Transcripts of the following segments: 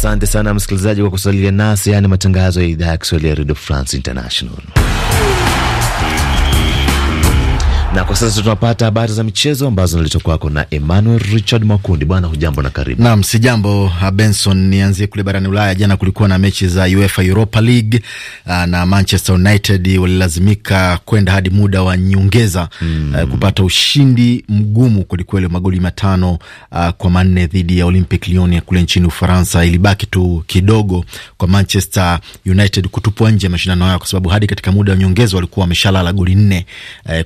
Asante sana msikilizaji kwa kusalia nasi. Yani matangazo ya idhaa ya Kiswahili ya redio France International. Na kwa sasa tunapata habari za michezo ambazo naletwa kwako na Emmanuel Richard Makundi. Bwana, hujambo na karibu. Naam, si jambo uh, Benson. Nianzie kule barani Ulaya. Jana kulikuwa na mechi za UEFA Europa League uh, na Manchester United walilazimika kwenda hadi muda wa nyongeza mm, uh, hmm. kupata ushindi mgumu kwelikweli, magoli matano uh, kwa manne dhidi ya Olympic Lyon ya kule nchini Ufaransa. Ilibaki tu kidogo kwa Manchester United kutupwa nje ya mashindano hayo, kwa sababu hadi katika muda wa nyongeza walikuwa wameshalala goli nne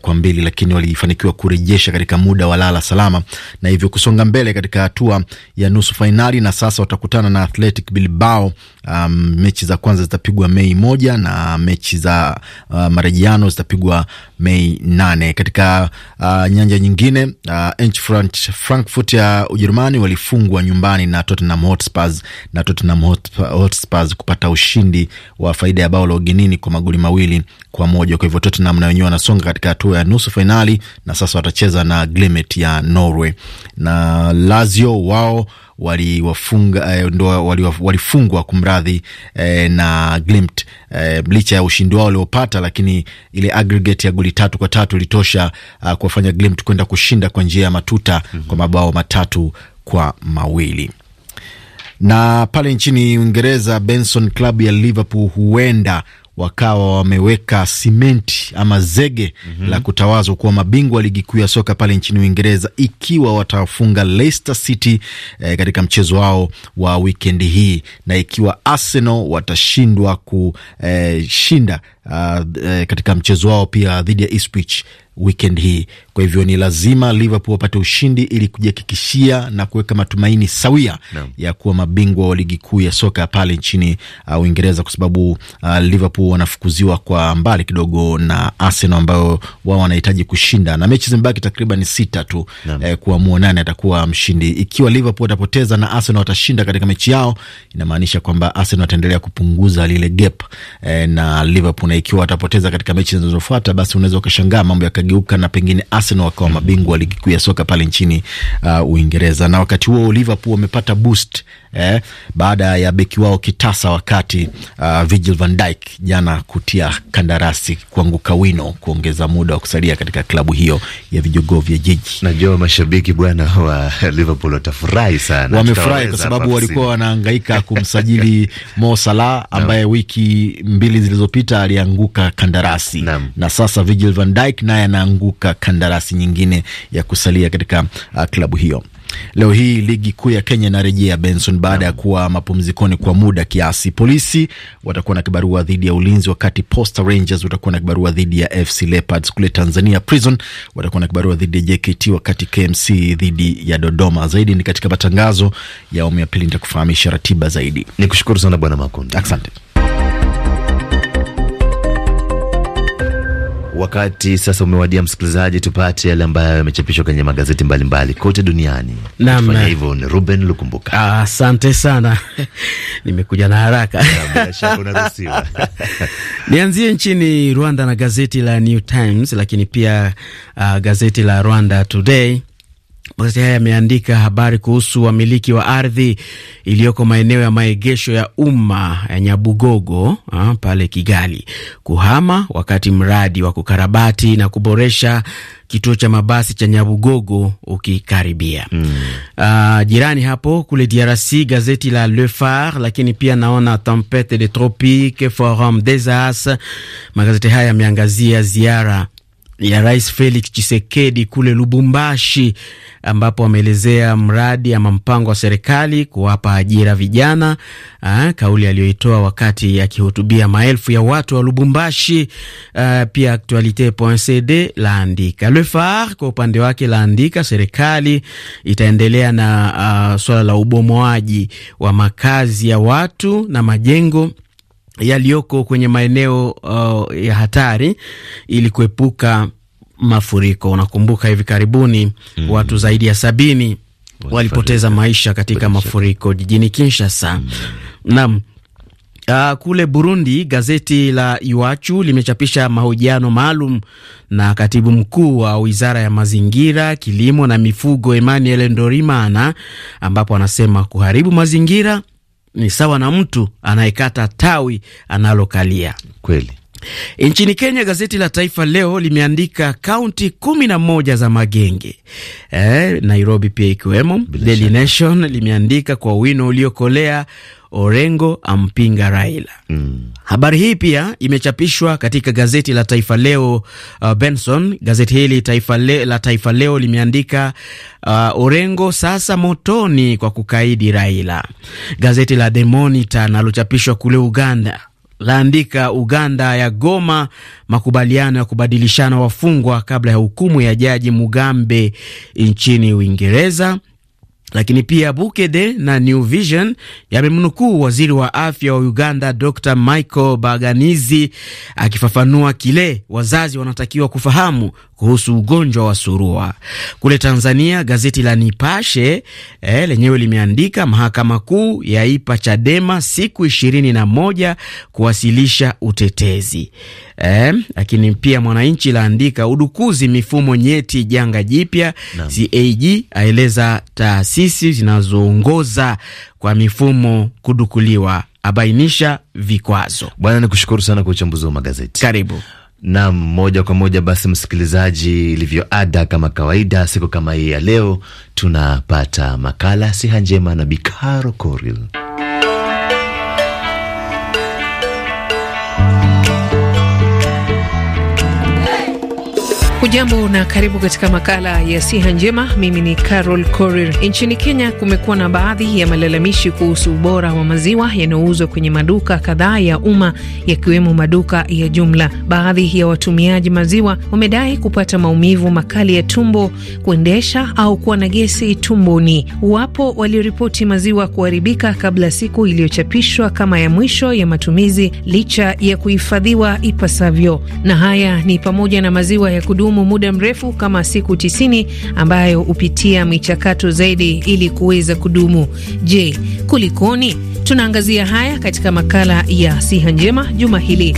kwa mbili lakini walifanikiwa kurejesha katika muda wa lala salama na hivyo kusonga mbele katika hatua ya nusu fainali, na sasa watakutana na Athletic Bilbao. Um, mechi za kwanza zitapigwa Mei moja na mechi za uh, marejiano zitapigwa Mei nane. Katika uh, nyanja nyingine uh, Eintracht Frankfurt ya Ujerumani walifungwa nyumbani na Tottenham Hotspurs, na Tottenham Hotspurs kupata ushindi wa faida ya bao la ugenini kwa magoli mawili kwa moja. Kwa hivyo Tottenham na wenyewe wanasonga katika hatua ya nusu fainali fainali na sasa watacheza na Glimt ya Norway. Na Lazio wao waliwafunga eh, ndo walifungwa kumradhi, eh, na Glimt eh, licha ya ushindi wao waliopata, lakini ile aggregate ya goli tatu kwa tatu ilitosha uh, kuwafanya Glimt kwenda kushinda kwa njia ya matuta mm -hmm. kwa mabao matatu kwa mawili na pale nchini Uingereza, Benson klabu ya Liverpool huenda wakawa wameweka simenti ama zege mm -hmm. la kutawazwa kuwa mabingwa ligi kuu ya soka pale nchini Uingereza ikiwa watafunga Leicester City eh, katika mchezo wao wa wikendi hii na ikiwa Arsenal watashindwa kushinda eh, uh, eh, katika mchezo wao pia dhidi ya Ipswich weekend hii. Kwa hivyo ni lazima Liverpool wapate ushindi ili kujihakikishia na kuweka matumaini sawia no. ya kuwa mabingwa wa ligi kuu ya soka pale nchini uh, Uingereza uh, kwa sababu uh, Liverpool wanafukuziwa kwa mbali kidogo na Arsenal ambao wao wanahitaji kushinda, na mechi zimebaki takriban sita tu no. eh, kuamua nani atakuwa mshindi. Ikiwa Liverpool watapoteza na Arsenal watashinda katika mechi yao, inamaanisha kwamba Arsenal wataendelea kupunguza lile gap eh, na Liverpool na ikiwa watapoteza katika mechi zinazofuata, basi unaweza ukashangaa mambo yakageuka na pengine Arsenal wakawa mabingwa ligi kuu ya soka pale nchini uh, Uingereza. Na wakati huo Liverpool wamepata boost eh, baada ya beki wao kitasa wakati uh, Virgil van Dijk jana kutia kandarasi kuanguka wino kuongeza muda wa kusalia katika klabu hiyo ya vijogoo vya jiji. Najua mashabiki bwana wa Liverpool watafurahi sana, wamefurahi kwa sababu walikuwa wanahangaika kumsajili Mo Salah ambaye no. wiki mbili zilizopita alianguka kandarasi Nam. na sasa Virgil van Dijk naye anaanguka kandarasi nyingine ya kusalia katika uh, klabu hiyo. Leo hii ligi kuu ya Kenya inarejea Benson baada ya kuwa mapumzikoni kwa muda kiasi. Polisi watakuwa na kibarua dhidi ya Ulinzi, wakati Posta Rangers watakuwa na kibarua dhidi ya FC Leopards. Kule Tanzania, Prison watakuwa na kibarua dhidi ya JKT, wakati KMC dhidi ya Dodoma. Zaidi ni katika matangazo ya awamu ya pili, nitakufahamisha ratiba zaidi. Nikushukuru sana Bwana Makundi, asante. Wakati sasa umewadia, msikilizaji, tupate yale ambayo yamechapishwa kwenye magazeti mbalimbali mbali kote duniani. hivo hivyo ni Ruben Lukumbuka. Asante ah, sana nimekuja na haraka nianzie nchini Rwanda na gazeti la New Times, lakini pia uh, gazeti la Rwanda Today Magazeti haya yameandika habari kuhusu wamiliki wa ardhi iliyoko maeneo ya maegesho ya umma ya Nyabugogo ha, ah, pale Kigali kuhama wakati mradi wa kukarabati na kuboresha kituo cha mabasi cha Nyabugogo ukikaribia. Mm. Uh, jirani hapo kule DRC gazeti la Le Phare, lakini pia naona Tempete de Tropique, Forum des As. Magazeti haya yameangazia ziara ya Rais Felix chisekedi kule Lubumbashi, ambapo ameelezea mradi ama mpango wa serikali kuwapa ajira vijana, ah, kauli aliyoitoa wakati akihutubia maelfu ya watu wa Lubumbashi. A, ah, pia Actualite.cd laandika. Le Phare kwa upande wake laandika serikali itaendelea na a, ah, swala la ubomoaji wa makazi ya watu na majengo yaliyoko kwenye maeneo uh, ya hatari ili kuepuka mafuriko. Unakumbuka hivi karibuni mm watu zaidi ya sabini walipoteza maisha katika mafuriko jijini Kinshasa. mm nam Uh, kule Burundi gazeti la Iwachu limechapisha mahojiano maalum na katibu mkuu wa Wizara ya Mazingira, Kilimo na Mifugo Emmanuel Ndorimana ambapo anasema kuharibu mazingira ni sawa na mtu anayekata tawi analokalia. Kweli. Nchini Kenya, gazeti la Taifa Leo limeandika kaunti kumi na moja za magenge eh, Nairobi pia ikiwemo. Daily Nation limeandika kwa wino uliokolea Orengo ampinga Raila. Mm. Habari hii pia imechapishwa katika gazeti la Taifa Leo uh, Benson. Gazeti hili Taifa Le, la Taifa Leo limeandika uh, Orengo sasa motoni kwa kukaidi Raila. Gazeti la The Monitor nalochapishwa kule Uganda laandika Uganda ya goma makubaliano ya kubadilishana wafungwa kabla ya hukumu ya Jaji Mugambe nchini Uingereza. Lakini pia Bukede na New Vision yamemnukuu waziri wa afya wa Uganda Dr Michael Baganizi akifafanua kile wazazi wanatakiwa kufahamu kuhusu ugonjwa wa surua. Kule Tanzania, gazeti la Nipashe eh, lenyewe limeandika mahakama kuu yaipa Chadema siku ishirini na moja kuwasilisha utetezi. Eh, lakini pia Mwananchi laandika udukuzi mifumo nyeti janga jipya, CAG aeleza taasisi zinazoongoza kwa mifumo kudukuliwa, abainisha vikwazo. Bwana, kushukuru sana kwa uchambuzi wa magazeti. Karibu. Nam, moja kwa moja basi, msikilizaji, ilivyoada kama kawaida, siku kama hii ya leo tunapata makala siha njema na Bikaro Koril. Hujambo na karibu katika makala ya siha njema. Mimi ni Carol Korir. Nchini Kenya kumekuwa na baadhi ya malalamishi kuhusu ubora wa maziwa yanayouzwa kwenye maduka kadhaa ya umma yakiwemo maduka ya jumla. Baadhi ya watumiaji maziwa wamedai kupata maumivu makali ya tumbo, kuendesha au kuwa na gesi tumboni. Wapo walioripoti maziwa kuharibika kabla siku iliyochapishwa kama ya mwisho ya matumizi licha ya kuhifadhiwa ipasavyo, na haya ni pamoja na maziwa ya kudumu muda mrefu kama siku tisini ambayo hupitia michakato zaidi ili kuweza kudumu. Je, kulikoni? Tunaangazia haya katika makala ya Siha Njema juma hili.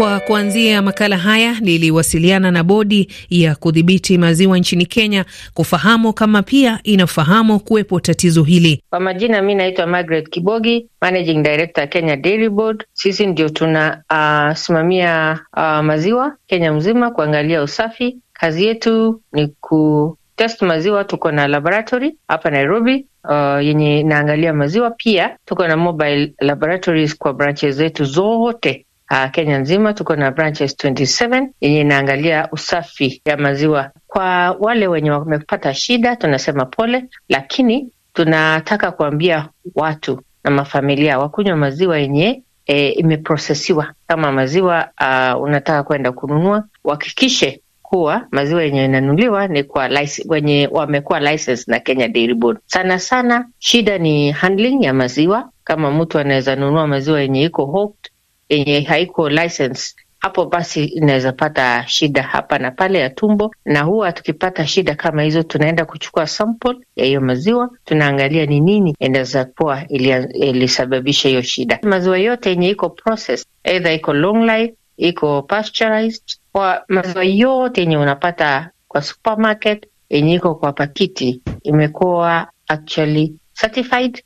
Kwa kuanzia makala haya liliwasiliana na bodi ya kudhibiti maziwa nchini Kenya kufahamu kama pia inafahamu kuwepo tatizo hili. Kwa majina, mi naitwa Margaret Kibogi, managing director Kenya Dairy Board. Sisi ndio tunasimamia ah, uh, ah, uh, maziwa Kenya mzima, kuangalia usafi. Kazi yetu ni ku test maziwa. Tuko na laboratory hapa Nairobi uh, yenye inaangalia maziwa. Pia tuko na mobile laboratories kwa branches zetu zote uh, Kenya nzima tuko na branches 27 yenye inaangalia usafi ya maziwa. Kwa wale wenye wamepata shida, tunasema pole, lakini tunataka kuambia watu na mafamilia wakunywa maziwa yenye e, eh, imeprosesiwa. Kama maziwa uh, unataka kwenda kununua, uhakikishe kuwa maziwa yenye inanuliwa ni kwa wenye wamekuwa license na Kenya Dairy Board. Sana sana shida ni handling ya maziwa. Kama mtu anaweza nunua maziwa yenye iko hooked, yenye haiko license, hapo basi inaweza pata shida hapa na pale ya tumbo, na huwa tukipata shida kama hizo, tunaenda kuchukua sample ya hiyo maziwa, tunaangalia ni nini inaweza kuwa ilisababisha hiyo shida. Maziwa yote yenye iko process, either iko long life, iko pasteurized, kwa maziwa yote yenye unapata kwa supermarket yenye iko kwa pakiti imekuwa actually certified,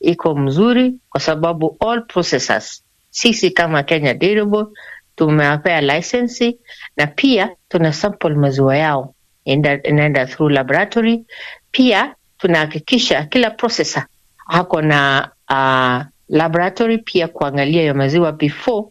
iko mzuri kwa sababu all processors sisi kama Kenya Dairyboard tumewapea lisensi na pia tuna sample maziwa yao inaenda through laboratory. Pia tunahakikisha kila processor hako na uh, laboratory pia kuangalia hiyo maziwa before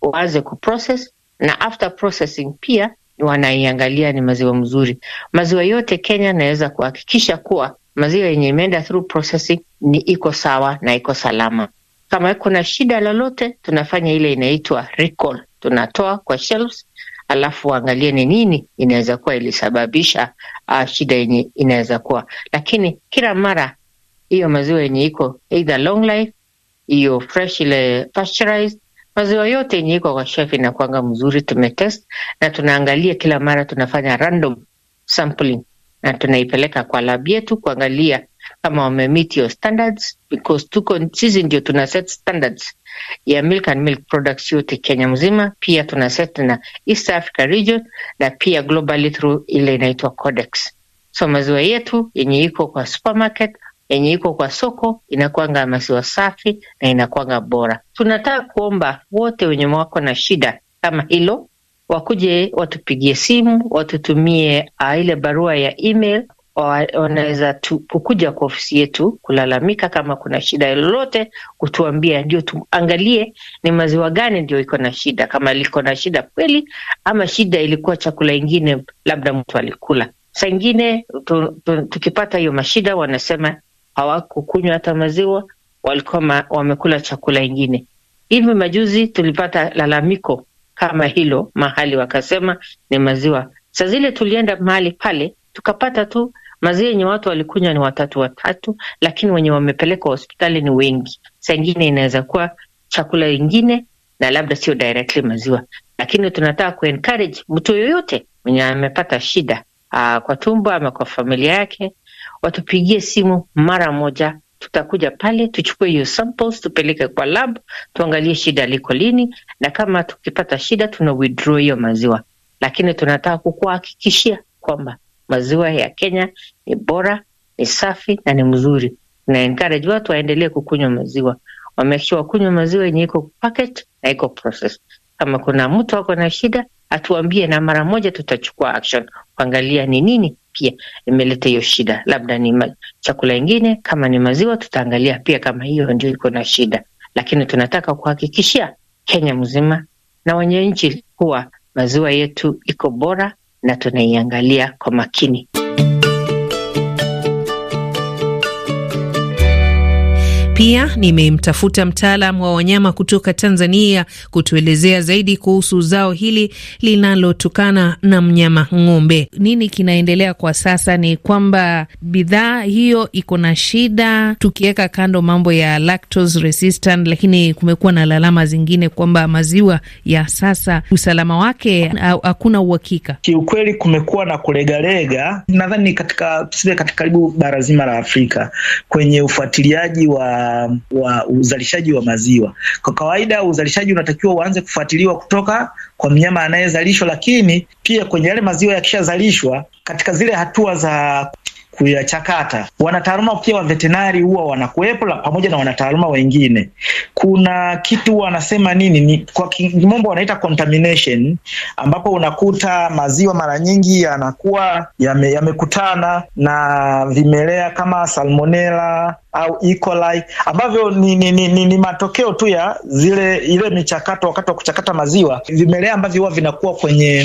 waanze kuprocess na after processing pia wanaiangalia ni maziwa mzuri. Maziwa yote Kenya naweza kuhakikisha kuwa maziwa yenye imeenda through processing ni iko sawa na iko salama. Kama kuna shida lolote, tunafanya ile inaitwa recall, tunatoa kwa shelves, alafu waangalie ni nini inaweza kuwa ilisababisha uh, shida yenye inaweza kuwa, lakini kila mara hiyo maziwa yenye iko either long life hiyo fresh ile pasteurized maziwa yote yenye iko kwa shelf inakwanga mzuri, tumetest na tunaangalia kila mara, tunafanya random sampling na tunaipeleka kwa lab yetu kuangalia kama wamemeet your standards because tuko sisi ndio tuna set standards ya milk and milk products yote Kenya mzima, pia tuna set na East Africa region na pia globally through ile inaitwa Codex. So maziwa yetu yenye iko kwa supermarket yenye iko kwa soko inakuanga maziwa safi na inakuanga bora. Tunataka kuomba wote wenye wako na shida kama hilo wakuje watupigie simu, watutumie ah, ile barua ya email wanaweza kukuja kwa ofisi yetu kulalamika kama kuna shida lolote, kutuambia ndio tuangalie ni maziwa gani ndio iko na shida, kama liko na shida kweli, ama shida ilikuwa chakula ingine, labda mtu alikula. Saa ingine tukipata hiyo mashida, wanasema hawakukunywa hata maziwa, walikuwa wamekula chakula ingine. Hivi majuzi tulipata lalamiko kama hilo mahali, wakasema ni maziwa. Saa zile tulienda mahali pale tukapata tu Maziwa yenye watu walikunywa ni watatu watatu, lakini wenye wamepelekwa hospitali ni wengi. Saa ingine inaweza kuwa chakula ingine na labda sio directly maziwa, lakini tunataka kuencourage mtu yoyote mwenye amepata shida aa, ah, kwa tumbo ama kwa familia yake watupigie simu mara moja. Tutakuja pale tuchukue hiyo samples tupeleke kwa lab, tuangalie shida liko lini, na kama tukipata shida tuna withdraw hiyo maziwa, lakini tunataka kukuhakikishia kwamba maziwa ya Kenya ni bora, ni safi na ni mzuri. Na encourage watu waendelee kukunywa maziwa, wamekisha wakunywa maziwa yenye iko packet na iko process. Kama kuna mtu ako na shida atuambie, na mara moja tutachukua action kuangalia ni nini pia imeleta hiyo shida, labda ni chakula ingine, kama ni maziwa tutaangalia pia kama hiyo ndio iko na shida, lakini tunataka kuhakikishia Kenya mzima na wenye nchi kuwa maziwa yetu iko bora na tunaiangalia kwa makini. Pia nimemtafuta mtaalam wa wanyama kutoka Tanzania kutuelezea zaidi kuhusu zao hili linalotokana na mnyama ng'ombe. Nini kinaendelea kwa sasa ni kwamba bidhaa hiyo iko na shida, tukiweka kando mambo ya lactose resistant, lakini kumekuwa na lalama zingine kwamba maziwa ya sasa usalama wake hakuna uhakika. Kiukweli kumekuwa na kulegalega, nadhani katika katika karibu bara zima la Afrika kwenye ufuatiliaji wa Um, wa, uzalishaji wa maziwa. Kwa kawaida uzalishaji unatakiwa uanze kufuatiliwa kutoka kwa mnyama anayezalishwa, lakini pia kwenye yale maziwa yakishazalishwa, katika zile hatua za kuyachakata. Wanataaluma pia wa vetenari huwa wanakuwepo pamoja na wanataaluma wengine. Kuna kitu wanasema nini, ni kwa kimombo wanaita contamination, ambapo unakuta maziwa mara nyingi yanakuwa yamekutana yame na vimelea kama salmonella au E. coli ambavyo ni, ni, ni, ni matokeo tu ya zile ile michakato wakati wa kuchakata maziwa, vimelea ambavyo huwa vinakuwa kwenye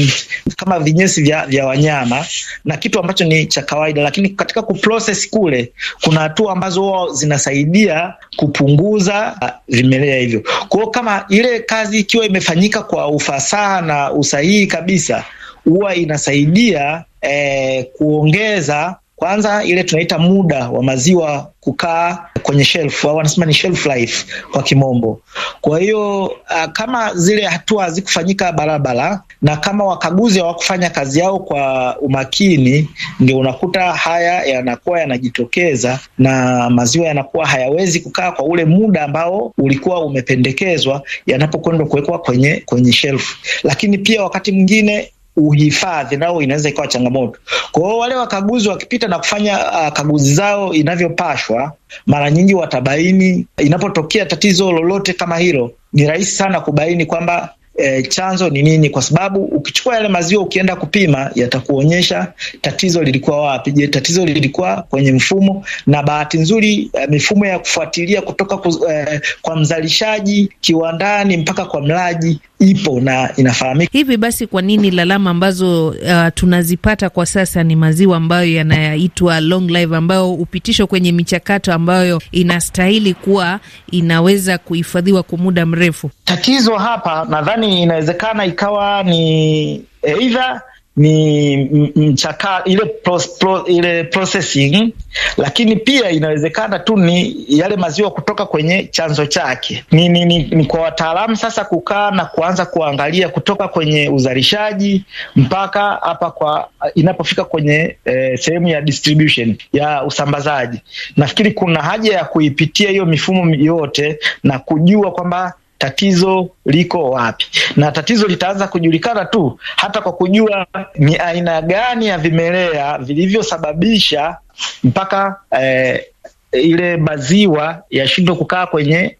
kama vinyesi vya, vya wanyama na kitu ambacho ni cha kawaida lakini katika kuprocess kule kuna hatua ambazo huwa zinasaidia kupunguza ah, vimelea hivyo. Kwa hiyo kama ile kazi ikiwa imefanyika kwa ufasaha na usahihi kabisa, huwa inasaidia eh, kuongeza kwanza ile tunaita muda wa maziwa kukaa kwenye shelf au wanasema ni shelf life kwa kimombo. Kwa hiyo uh, kama zile hatua hazikufanyika barabara na kama wakaguzi hawakufanya kazi yao kwa umakini, ndio unakuta haya yanakuwa yanajitokeza na maziwa yanakuwa hayawezi kukaa kwa ule muda ambao ulikuwa umependekezwa yanapokwenda kuwekwa kwenye kwenye shelf. Lakini pia wakati mwingine uhifadhi nao inaweza ikawa changamoto. Kwa hiyo wale wakaguzi wakipita na kufanya uh, kaguzi zao inavyopashwa, mara nyingi watabaini. Inapotokea tatizo lolote kama hilo, ni rahisi sana kubaini kwamba e, chanzo ni nini, kwa sababu ukichukua yale maziwa ukienda kupima yatakuonyesha tatizo lilikuwa wapi. Je, tatizo lilikuwa kwenye mfumo? Na bahati nzuri e, mifumo ya kufuatilia kutoka kuz, e, eh, kwa mzalishaji kiwandani mpaka kwa mlaji ipo na inafahamika. Hivi basi, kwa nini lalama ambazo uh, tunazipata kwa sasa ni maziwa ambayo yanaitwa long life, ambayo upitishwa kwenye michakato ambayo inastahili kuwa inaweza kuhifadhiwa kwa muda mrefu? Tatizo hapa nadhani nadhani inawezekana ikawa ni eidha ni mchaka ile, pros, pro, ile processing, lakini pia inawezekana tu ni yale maziwa kutoka kwenye chanzo chake. Ni, ni, ni, ni kwa wataalamu sasa kukaa na kuanza kuangalia kutoka kwenye uzalishaji mpaka hapa kwa inapofika kwenye eh, sehemu ya distribution ya usambazaji. Nafikiri kuna haja ya kuipitia hiyo mifumo yote na kujua kwamba tatizo liko wapi, na tatizo litaanza kujulikana tu hata kwa kujua ni aina gani ya vimelea vilivyosababisha mpaka eh, ile maziwa yashindwe kukaa kwenye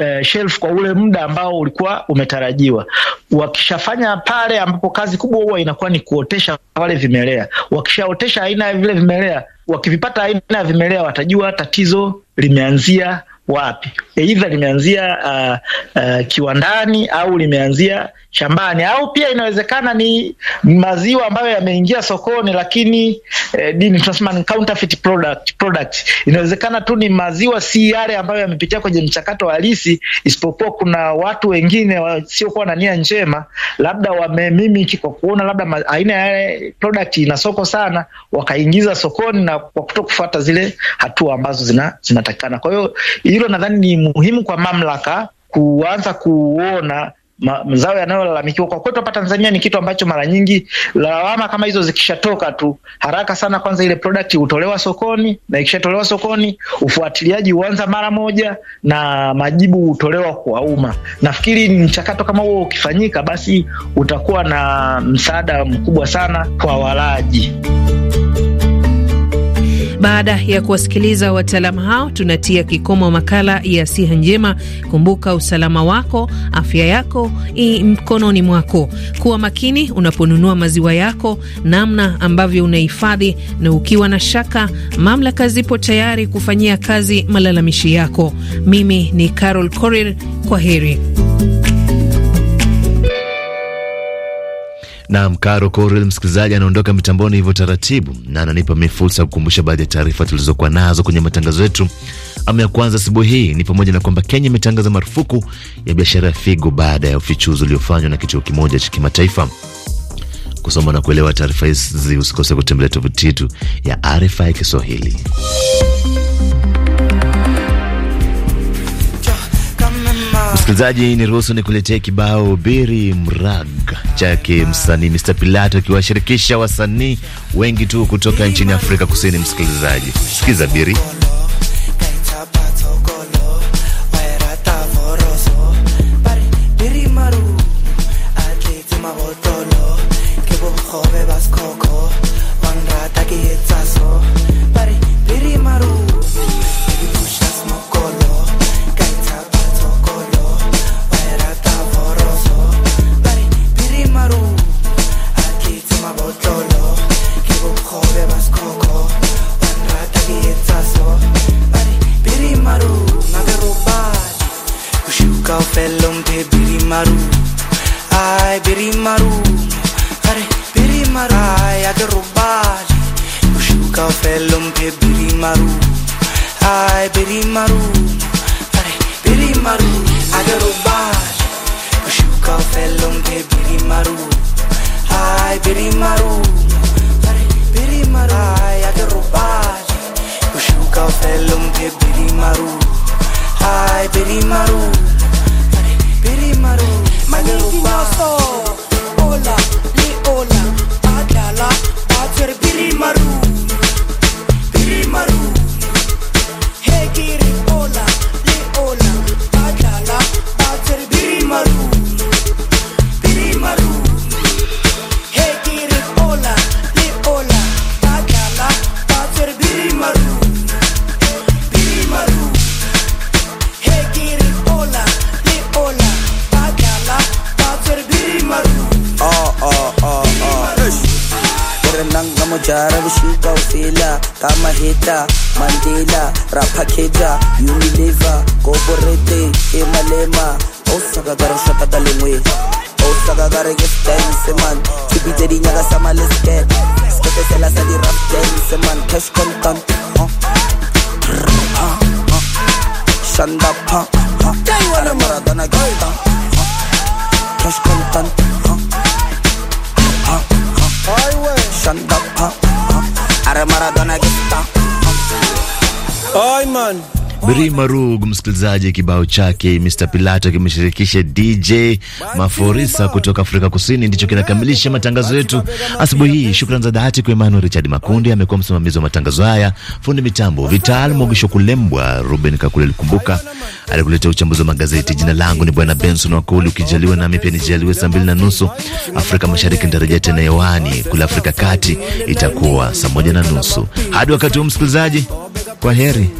eh, shelf kwa ule muda ambao ulikuwa umetarajiwa. Wakishafanya pale, ambapo kazi kubwa huwa inakuwa ni kuotesha wale vimelea. Wakishaotesha aina ya vile vimelea, wakivipata aina ya vimelea, watajua tatizo limeanzia wapi, eidha limeanzia uh, uh, kiwandani au limeanzia shambani, au pia inawezekana ni maziwa ambayo yameingia sokoni, lakini eh, dini tunasema ni counterfeit product, product. Inawezekana tu ni maziwa si yale ambayo yamepitia kwenye mchakato halisi, isipokuwa kuna watu wengine wasiokuwa na nia njema, labda wamemimiki kwa kuona labda aina ya product ina soko sana, wakaingiza sokoni na kwa kutokufuata zile hatua ambazo zina, zinatakikana. Kwa hiyo hilo nadhani ni muhimu kwa mamlaka kuanza kuona mazao yanayolalamikiwa kwa kwetu hapa Tanzania ni kitu ambacho mara nyingi lawama kama hizo zikishatoka tu haraka sana, kwanza ile product hutolewa sokoni, na ikishatolewa sokoni ufuatiliaji huanza mara moja na majibu hutolewa kwa umma. Nafikiri mchakato kama huo ukifanyika, basi utakuwa na msaada mkubwa sana kwa walaji. Baada ya kuwasikiliza wataalamu hao, tunatia kikomo makala ya siha njema. Kumbuka, usalama wako, afya yako i mkononi mwako. Kuwa makini unaponunua maziwa yako, namna ambavyo unahifadhi, na ukiwa na shaka, mamlaka zipo tayari kufanyia kazi malalamishi yako. Mimi ni Carol Korir, kwa heri. Naam, Karo Korel msikilizaji anaondoka mitamboni hivyo taratibu, na ananipa mi fursa ya kukumbusha baadhi ya taarifa tulizokuwa nazo kwenye matangazo yetu. Ama ya kwanza asubuhi hii ni pamoja na kwamba Kenya imetangaza marufuku ya biashara ya figo baada ya ufichuzi uliofanywa na kituo kimoja cha kimataifa. Kusoma na kuelewa taarifa hizi, usikose kutembelea tovuti yetu ya RFI Kiswahili. Msikilizaji, ni nikuletee kibao biri mrag chake msanii Mr Pilato akiwashirikisha wasanii wengi tu kutoka nchini Afrika Kusini. Msikilizaji, sikiza biri Ai, Birimaru Birimaru Ai, Agarubari Kushuka ufelum te Birimaru Ai, Birimaru Birimaru Magnificoso Ola, li ola Adala, Badger Birimaru Jarabshika ufila kama heta Mandela Rapa keja Unilever Koborete Emalema Osaka garo shaka talengwe Osaka garo get dance man Kibite di nyaga sama let's get Skete sela sa rap dance man Cash contant huh? huh? huh? Shanda pa huh? Ana maradona get down huh? Cash contant huh? huh? huh? Shanda Freeman Rima Rug, msikilizaji, kibao chake Mr Pilato kimeshirikisha DJ Maforisa kutoka Afrika Kusini ndicho kinakamilisha matangazo yetu asubuhi hii. Shukrani za dhati kwa Emmanuel Richard Makundi, amekuwa msimamizi wa matangazo haya, fundi mitambo Vital Mogisho Kulembwa, Ruben Kakule Likumbuka alikuletea uchambuzi wa magazeti. Jina langu ni Bwana Benson Wakoli, ukijaliwa nami pia nijaliwe, saa mbili na nusu Afrika Mashariki nitarejea tena hewani, kule Afrika Kati itakuwa saa moja na nusu. Hadi wakati huu msikilizaji kwa heri.